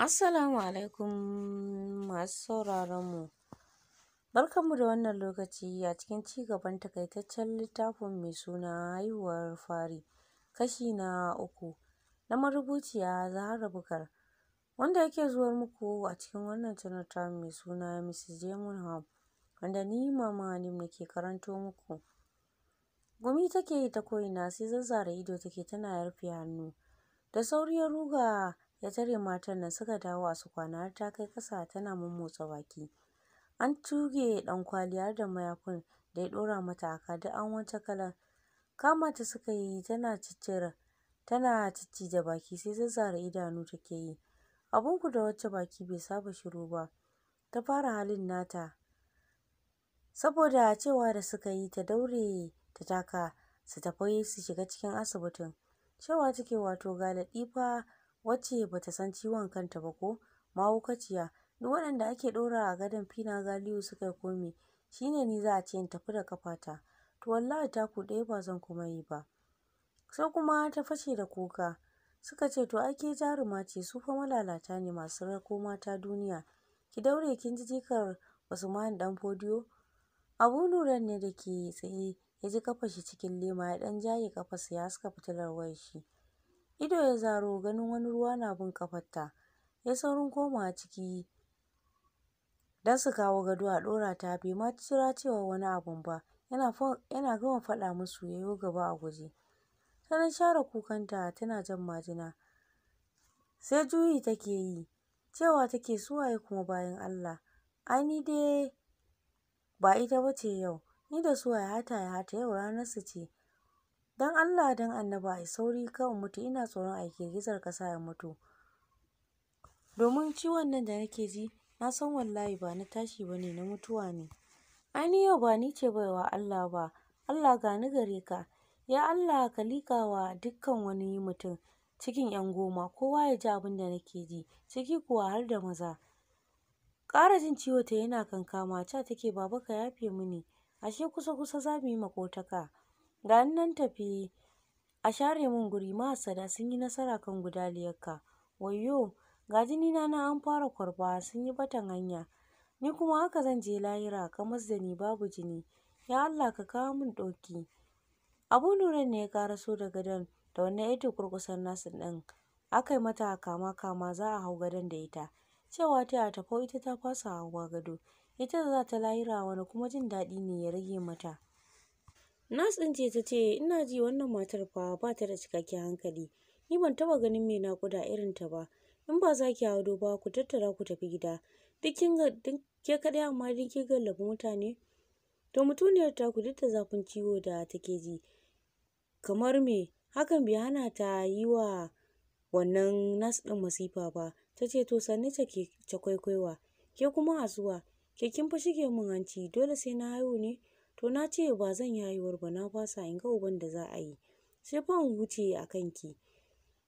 Assalamu alaikum masu sauraron mu. Barkanmu da wannan lokaci a cikin ci gaban takaitaccen littafin mai suna haihuwar fari kashi na uku na marubuciya Zahra Bukar wanda yake zuwar muku a cikin wannan channel tamu mai suna Mrs. Jemun Hub wanda ni Mama ne nake karanto muku. Gumi take yi ta ko'ina sai zazzara ido take tana rufe hannu da sauri ya ruga ya tare matan nan suka dawo a su kwana har ta kai kasa tana mummotsa baki. An tuge ɗankwali har da mayafin da ya ɗora mata a ka duk an wata kala. Kama ta suka yi tana ciccira tana da baki sai zazzara idanu take yi. ku da wacce baki bai saba shiru ba. Ta fara halin nata saboda cewa da suka yi ta daure ta taka su tafi su shiga cikin asibitin. Cewa take wato ga fa. wacce ba ta san ciwon kanta ba ko mahaukaciya duk waɗanda ake ɗora a gadon Fina Galiu suka yi kome shi ne ni za a ce in tafi da kafata to wallahi taku ɗaya ba zan kuma yi ba sai kuma ta fashe da kuka suka ce to ake jaruma ce su fa malalata ne masu rako mata duniya ki daure kin ji jikar Usman dan fodiyo Abu Nuran ne da ke tsaye ya ji kafa shi cikin lema ya dan jaye kafa ya suka fitilar wayar shi Ido ya zaro ganin wani ruwa na bin kafarta ya saurin komawa ciki don su kawo gado a ɗora ta, bai ma jira cewa wani abun ba, yana gama faɗa musu ya yo gaba a guje. tanan share kukanta tana jan majina, sai juyi take yi, cewa take su waye kuma bayan Allah, ai ni dai ba ita bace yau, ni da su waye hata ya hata yau ranar su ce, dan Allah dan annaba ai sauri kawai mutu ina tsoron ai girgizar kasa ya mutu domin ciwon nan da nake ji na san wallahi ba na tashi bane na mutuwa ne ani yau ba ni ce baiwa Allah ba Allah gani gare ka ya Allah ka wa dukkan wani mutum cikin yan goma kowa ya ji abin da nake ji ciki kuwa har da maza ƙara jin ciwo ta yana kankama ca take baba ka yafe mini ashe kusa kusa za mu yi makotaka Ga ni nan tafi. a share mun guri, mahassada sun yi nasara kan guda ka wayo Ga jini na, na an fara kwarba, sun yi batan hanya. Ni kuma haka zan je lahira, Kamar da ni babu jini. Ya Allah ka kawo min ɗoki. Abu Nuran ne ya karaso da gadon da wannan ita kurkusan nasu ɗin. Akai mata kama kama za a hau gadon da ita. Cewa ta yi tafo tafau ita ta fasa hawa gado. Ita za ta lahira wani kuma jin daɗi ne ya rage mata. Nas ɗin ce ta ce, ina ji wannan matar fa ba ta da cikakken hankali. Ni ban taɓa ganin mai naƙuda irin ta ba. In ba za ki hado ba ku tattara ku tafi gida. Duk kin ga ke kaɗai amma duk kin gallabi mutane. To mutuniyar ta ku duk zafin ciwo da take ji. Kamar me hakan bai hana ta yi wa wannan nas ɗin masifa ba. Ta ce to sanni ta ke ta kwaikwaiwa. Ke kuma a zuwa. Ke kin fi shige min hanci dole sai na haihu ne. To na ce ba zan yi haihuwar ba na fasa in ga uban da za a yi. Sai fa in huce a kanki.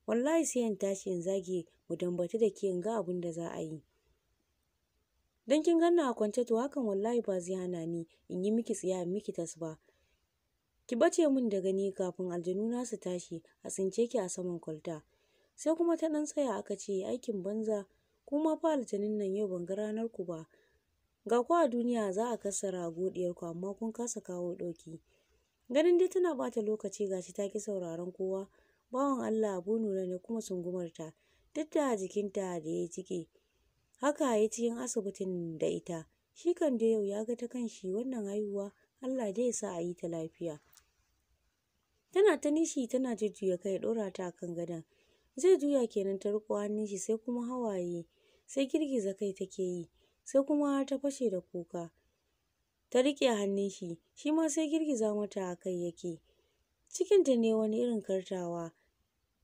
Wallahi sai in tashi in zage mu dambatu da ke in ga abin da za a yi. Dan kin ga a kwance to hakan wallahi ba zai hana ni in yi miki tsiya in miki tas ba. Ki bace min da gani kafin aljanu na su tashi a tsince ki a saman kwalta. Sai kuma ta ɗan tsaya aka ce aikin banza kuma fa aljanin nan yau ban ga ranar ku ba. ga ku a duniya za a kasa rago ku amma kun kasa kawo ɗauki ganin dai tana bata lokaci gashi ta ki sauraron kowa bawan Allah abu nuna ne kuma ta duk da jikinta da ya cike haka ya cikin asibitin da ita shi kan da yau ya ga ta kan shi wannan haihuwa Allah dai ya sa a yi ta lafiya tana ta nishi tana jujjuya kai ɗora ta kan gadon zai juya kenan ta riko hannun shi sai kuma hawaye sai girgiza kai take yi sai kuma ta fashe da kuka ta riƙe hannun shi shi ma sai girgiza mata kai yake cikinta ne wani irin kartawa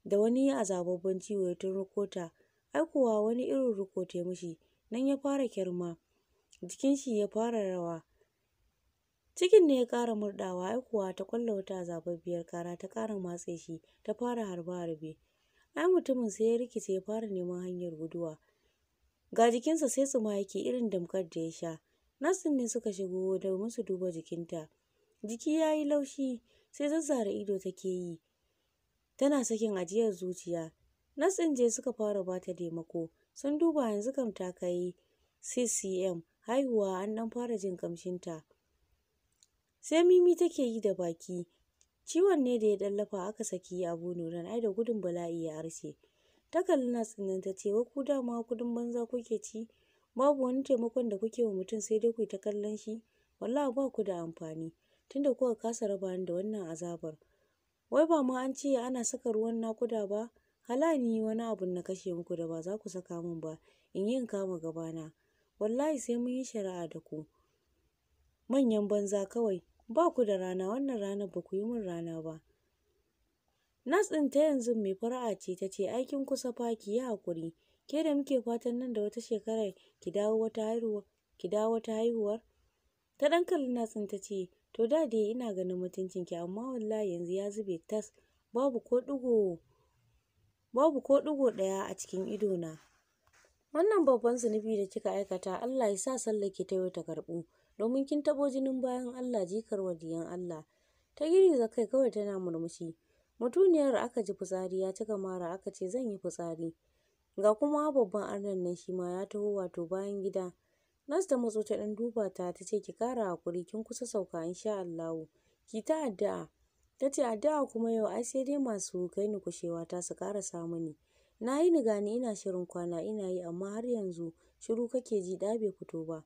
da wani azababban ciwo ya turko ta ai wani irin riko mishi nan ya fara kirma jikin shi ya fara rawa cikin ne ya kara murɗawa ai kuwa ta ƙwalla wata azababbiyar kara ta kara matse shi ta fara harbe harbe ai mutumin sai ya rikice ya fara neman hanyar guduwa ga jikinsa sai tsuma yake irin damkar da ya sha nasin ne suka shigo da su duba jikinta jiki ya yi laushi sai zazzara ido take yi tana sakin ajiyar zuciya nasin je suka fara bata taimako sun duba yanzu kam ta kai ccm haihuwa an dan fara jin kamshinta sai mimi take yi da baki ciwon ne da ya dallafa aka saki abu nuran ai da gudun bala'i ya arce ta kalli na tsinnan ta ce ku dama kudin banza kuke ci babu wani taimakon da kuke wa mutum sai dai ku yi ta kallon shi wallahi ba ku da amfani tunda kuka kasa raba ni da wannan azabar wai ba ma an ce ana saka ruwan nakuda ba halani wani abun na kashe muku da ba za ku saka min ba in yi in kama gabana wallahi sai mun yi shari'a da ku manyan banza kawai ba ku da rana wannan ranar ba ku yi min rana ba Nas ɗin ta yanzu mai fara'a ce ta ce, aikin kusa fa ya hakuri. ke da muke fatan nan da wata shekarar ki dawo wata haihuwar, Ta ɗan kalli Nas ta ce, "To da dai ina ganin mutuncin ki amma wallahi yanzu ya zube tas, babu ko ɗigo babu ko ɗigo ɗaya a cikin ido na Wannan babban zunubi da kika aikata Allah ya sa sallar ki ta yau ta karɓu, domin kin taɓo jinin bayan Allah jikar waliyan Allah. Ta girgiza kai kawai tana murmushi. mutuniyar aka ji fitsari ya cika mara aka ce zan yi fitsari ga kuma babban arnan nan shi ma ya taho wato bayan gida nas ta matso ta ɗan duba ta ta ce ki ƙara haƙuri kin kusa sauka in sha Allahu ki ta addu'a ta ce addu'a kuma yau ai sai dai masu kai ni kushewa ta su ƙara samu ni na yi ni gani ina shirin kwana ina yi amma har yanzu shiru kake ji ɗa bai fito ba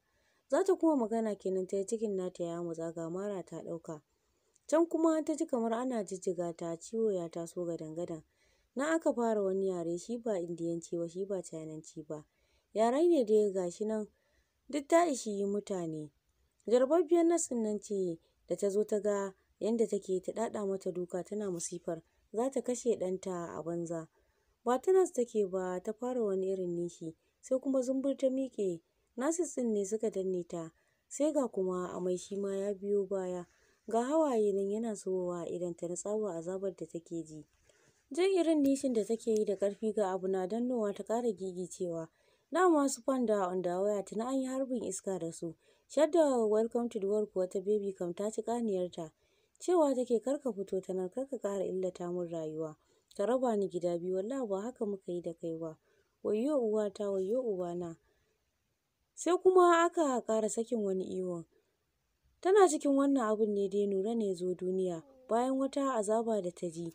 za ta kuma magana kenan ta yi cikin nata ya mutsa ga mara ta ɗauka Can kuma ta ji kamar ana jijjiga ta ciwo ya taso gadan-gadan. Na aka fara wani yare shi ba Indiyanci ba shi ba cananci ba. Yare ne dai ga shi nan duk ta ishi mutane. Jarbabbiyar nas ɗin nan ce da ta zo ta ga yadda take ta ɗaɗa mata duka tana masifar za ta kashe ɗanta a banza. Ba ta nas take ba ta fara wani irin nishi sai kuma zumbur ta miƙe. Nasis ɗin ne suka danne ta sai ga kuma amai shi ma ya biyo baya. ga hawaye nan yana zubowa a idanta na tsabar azabar da take ji jin irin nishin da take yi da karfi ga abu na dannowa ta kara gigicewa dama su fanda on da waya tuna an yi harbin iska da su shadda welcome to the world kuwa ta baby kam ta ci ƙaniyarta. cewa take karka fito ta nan karka kara illata min rayuwa ta raba ni gida biyu wallahi ba haka muka yi da kai ba wayyo uwata wayyo ubana sai kuma aka ƙara sakin wani iwon. Tana cikin wannan abun ne dai Nura ne zo duniya bayan wata azaba da ta ji.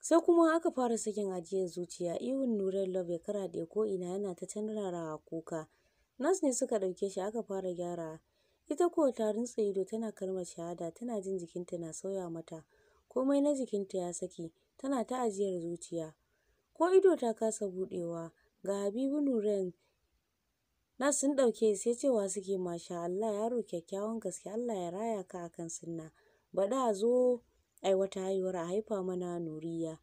Sai kuma aka fara sakin ajiyar zuciya ihun Nuran Love ya ko ina yana ta canrarawa kuka. Nas ne suka ɗauke shi aka fara gyara. Ita ko tarin tsaido ido tana kalmar shahada tana jin jikinta na sauya mata. Komai na jikinta ya saki tana ta ajiyar zuciya. Ko ido ta kasa buɗewa ga Habibu Nuran Na sun ɗauke sai cewa suke masha Allah yaro kyakkyawan gaske Allah ya raya ka akan sunna. bada a zo ai wata haihuwar a haifa mana nuriya.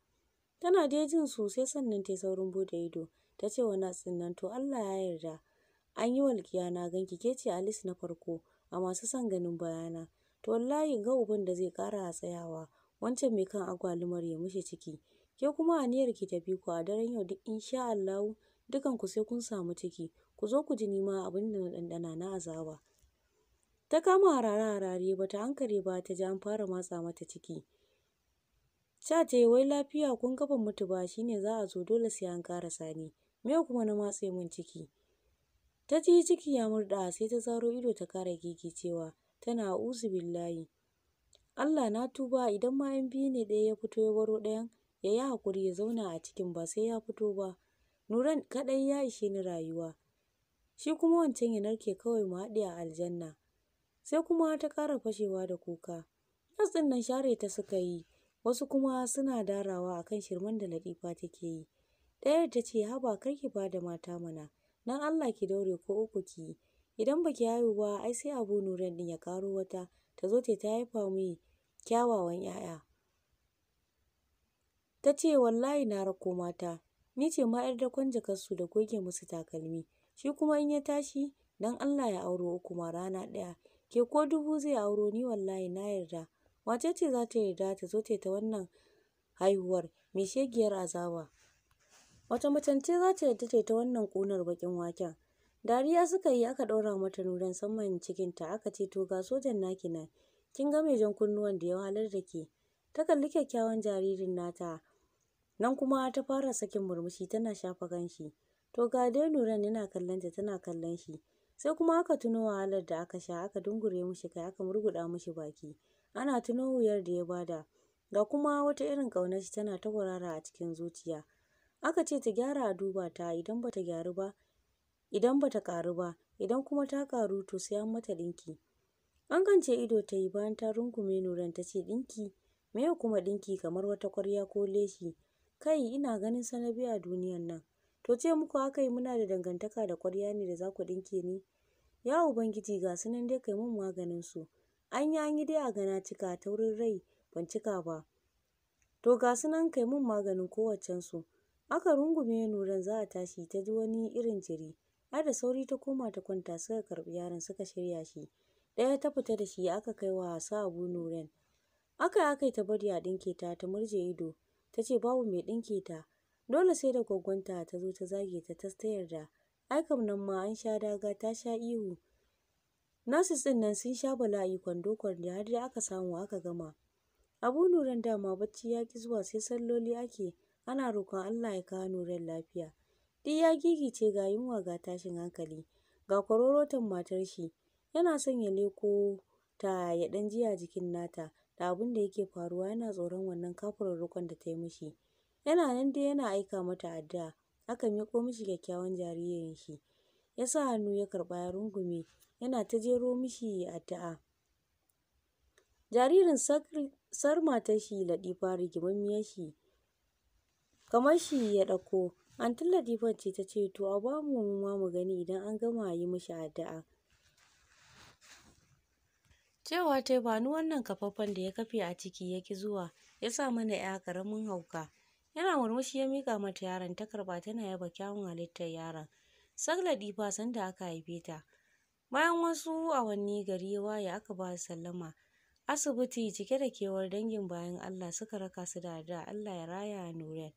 Tana dai jin sosai sannan ta saurin bude ido ta ce wa Nas nan to Allah ya yarda. An yi walƙiya na ganki ke ce alis na farko a masu son ganin bayana. To wallahi ga uban da zai ƙara a tsayawa wancan mai kan agwalumar ya mishi ciki. Ke kuma a aniyar ki tafi ku a daren yau duk insha Allahu dukanku sai kun samu ciki ku zo ku ji nima abin da na ɗanɗana na azaba ta kama harare harare bata hankali ba ta ji an fara matsa mata ciki ta ce wai lafiya kun ga ban mutu ba shine za a zo dole sai an karasa ni. Me kuma na matse min ciki? Ta ji ciki ya murda sai ta zaro ido ta kara gigi cewa tana uzu billahi. Allah na tuba idan ma yan biyu ne ɗaya ya fito ya baro ɗayan ya yi hakuri ya zauna a cikin ba sai ya fito ba. Nuran kadai ya ishe ni rayuwa, shi kuma wancan ya narke kawai mu haɗe a aljanna. Sai kuma ta ƙara fashewa da kuka. Nas ɗin nan share ta suka yi, wasu kuma suna darawa a kan shirmen da Latifa take yi. ɗaya ta ce haba kar ki bada mata mana, nan Allah ki daure ko uku ki yi. Idan ba ki haihu ba ai sai Abu Nuran ɗin ya ƙaro wata ta zo ta haifa mai kyawawan ‘ya'ya. Ta ce wallahi na rako mata, Ni ce ma 'yar dakon jakarsu da goge musu takalmi, shi kuma in ya tashi dan Allah ya auro uku ma rana ɗaya, ke ko dubu zai auro ni wallahi na yarda. Wace ce za ta yarda ta zo ta wannan haihuwar, mai shegiyar azaba? wata mutance ce za ta yarda ta wannan kunar baƙin waken? Dariya suka yi aka ɗaura mata nuran saman ta aka ce to ga sojan naki nan, kin ga mai jan kunnuwan da ya wahalar da ke? Ta kalli kyakkyawan jaririn nata Nan kuma ta fara sakin murmushi tana shafa kanshi. To ga dai Nuran yana kallon ta tana kallon shi. Sai kuma aka tuno wahalar da aka sha aka dungure mishi kai aka murguɗa mishi baki. Ana tuno wuyar da ya bada. Ga kuma wata irin ƙaunar shi tana ta gurara a cikin zuciya. Aka ce ta gyara a duba ta idan bata gyaru ba idan bata ƙaru ba idan kuma ta ƙaru to sai an mata ɗinki. An gance ido ta yi bayan ta rungume Nuran ta ce ɗinki meye kuma ɗinki kamar wata ƙwarya ko leshi Kai ina ganin sanabi a duniyan nan. To ce muku haka yi muna da dangantaka da ƙwarya ne da za ku ɗinke ni. Ya Ubangiji ga su nan dai kai mun maganin su. An yi an yi dai a gana cika ta wurin rai ban cika ba. To ga su nan kai mun maganin kowaccen su. Aka rungume nuran za a tashi ta ji wani irin jiri. Har da sauri ta koma ta kwanta suka karbi yaron suka shirya shi. Ɗaya ta fita da shi aka kai wa sa Abu Nuran. Aka yi aka yi ta bari a ɗinke ta ta murje ido. ta ce babu mai ɗinki ta dole sai da gwaggonta ta zo ta zage ta ta tayar da ai nan ma an sha daga ta sha ihu nasu din nan sun sha bala'i kwando kwando har dai aka samu aka gama abu nuran dama bacci ya ki zuwa sai salloli ake ana roƙon Allah ya kawo nuran lafiya duk ya gigice ga yunwa ga tashin hankali ga kwarorotan matar shi yana son ya leko ta ya ɗan jiya jikin nata da abin da yake faruwa yana tsoron wannan kafurar da ta yi mishi. Yana nan dai yana aika mata addu'a, aka miƙo mishi kyakkyawan jaririn shi. Ya sa hannu ya karɓa ya rungume, yana ta jero mishi addu'a. Jaririn sar matar shi Latifa rigimammiyar shi, kamar shi ya ɗauko. Antin Latifat ce ta ce to a ba mu mu mu gani idan an gama yi mishi addu'a. Cewa ta ba ni wannan kafaffen da ya kafe a ciki ya ki zuwa, ya sa mana ‘ya ƙaramin hauka. Yana murmushi ya mika mata yaron ta karɓa tana yaba kyawun halittar yaron. Sagla ɗifa sanda aka haife ta. Bayan wasu awanni gari ya waye aka ba sallama. Asibiti cike da kewar dangin bayan Allah suka raka su da da Allah ya raya Nurel.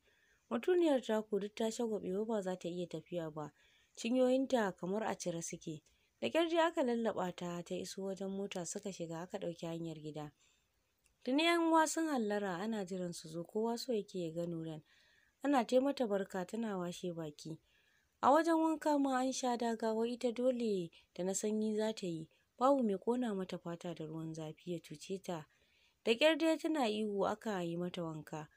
Mutuniyar taku duk ta shagwaɓe ba za ta iya tafiya ba. Cinyoyinta kamar a cire suke. da ƙyarji aka lallaɓa ta ta iso wajen mota suka shiga aka ɗauki hanyar gida tuni yan uwa sun hallara ana jiran su zo kowa so yake ya ga nuran ana ta mata barka tana washe baki a wajen wanka ma an sha dagawa ita dole da na sanyi za ta yi babu mai kona mata fata da ruwan zafi ya cuce ta da kyar dai tana ihu aka yi mata wanka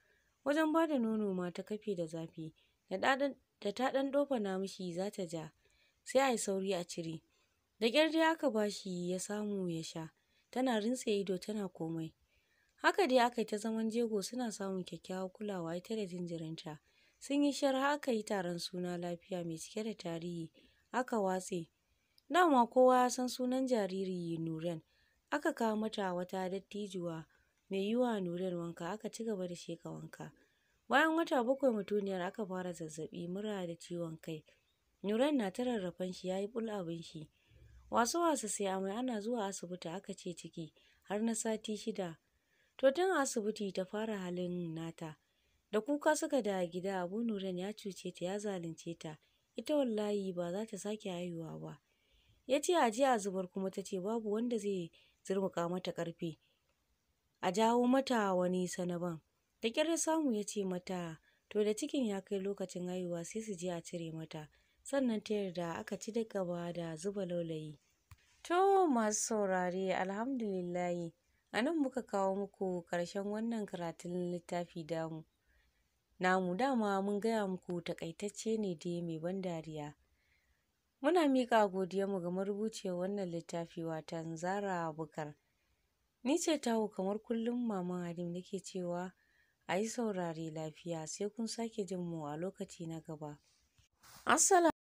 wajen ba da nono ma ta kafe da zafi da ta ɗan dofa mishi za ta ja sai a yi sauri a cire Da kyar dai aka ba shi ya samu ya sha, tana rintse ido tana komai. Haka dai aka yi ta zaman jego suna samun kyakkyawar kulawa ita da jinjirinta. Sun yi sharha aka yi taron suna lafiya mai cike da tarihi, aka watse. Dama kowa ya san sunan jariri Nuren. Aka kawo mata wata dattijuwa mai yiwa Nuren wanka aka ci gaba da sheka wanka. Bayan wata bakwai mutuniyar aka fara zazzabi mura da ciwon kai. Nuren na ta rarrafan shi ya yi bul abin shi. wasu-wasu sai amai ana zuwa asibiti aka ce ciki har na sati shida to tun asibiti ta fara halin nata da kuka suka da gida abu nuran ya cuce ta ya zalunce ta ita wallahi ba za ta sake haihuwa ba ya ce a ji a zubar kuma ta ce babu wanda zai zurmuka mata ƙarfi a jawo mata wani sanaban da kyar samu ya ce mata to da cikin ya kai lokacin haihuwa sai su je a cire mata sannan ta yarda aka ci da gaba da zuba laulayi. To masu saurare alhamdulillahi a nan muka kawo muku karshen wannan karatun littafi damu. Namu dama mun gaya muku takaitacce ne dai mai ban dariya. Muna miƙa godiyarmu ga marubuciyar wannan littafi watan Zara Bukar. Ni ce tawo kamar kullum Maman Halim nake cewa a yi saurare lafiya sai kun sake jin mu a lokaci na gaba. Assalamu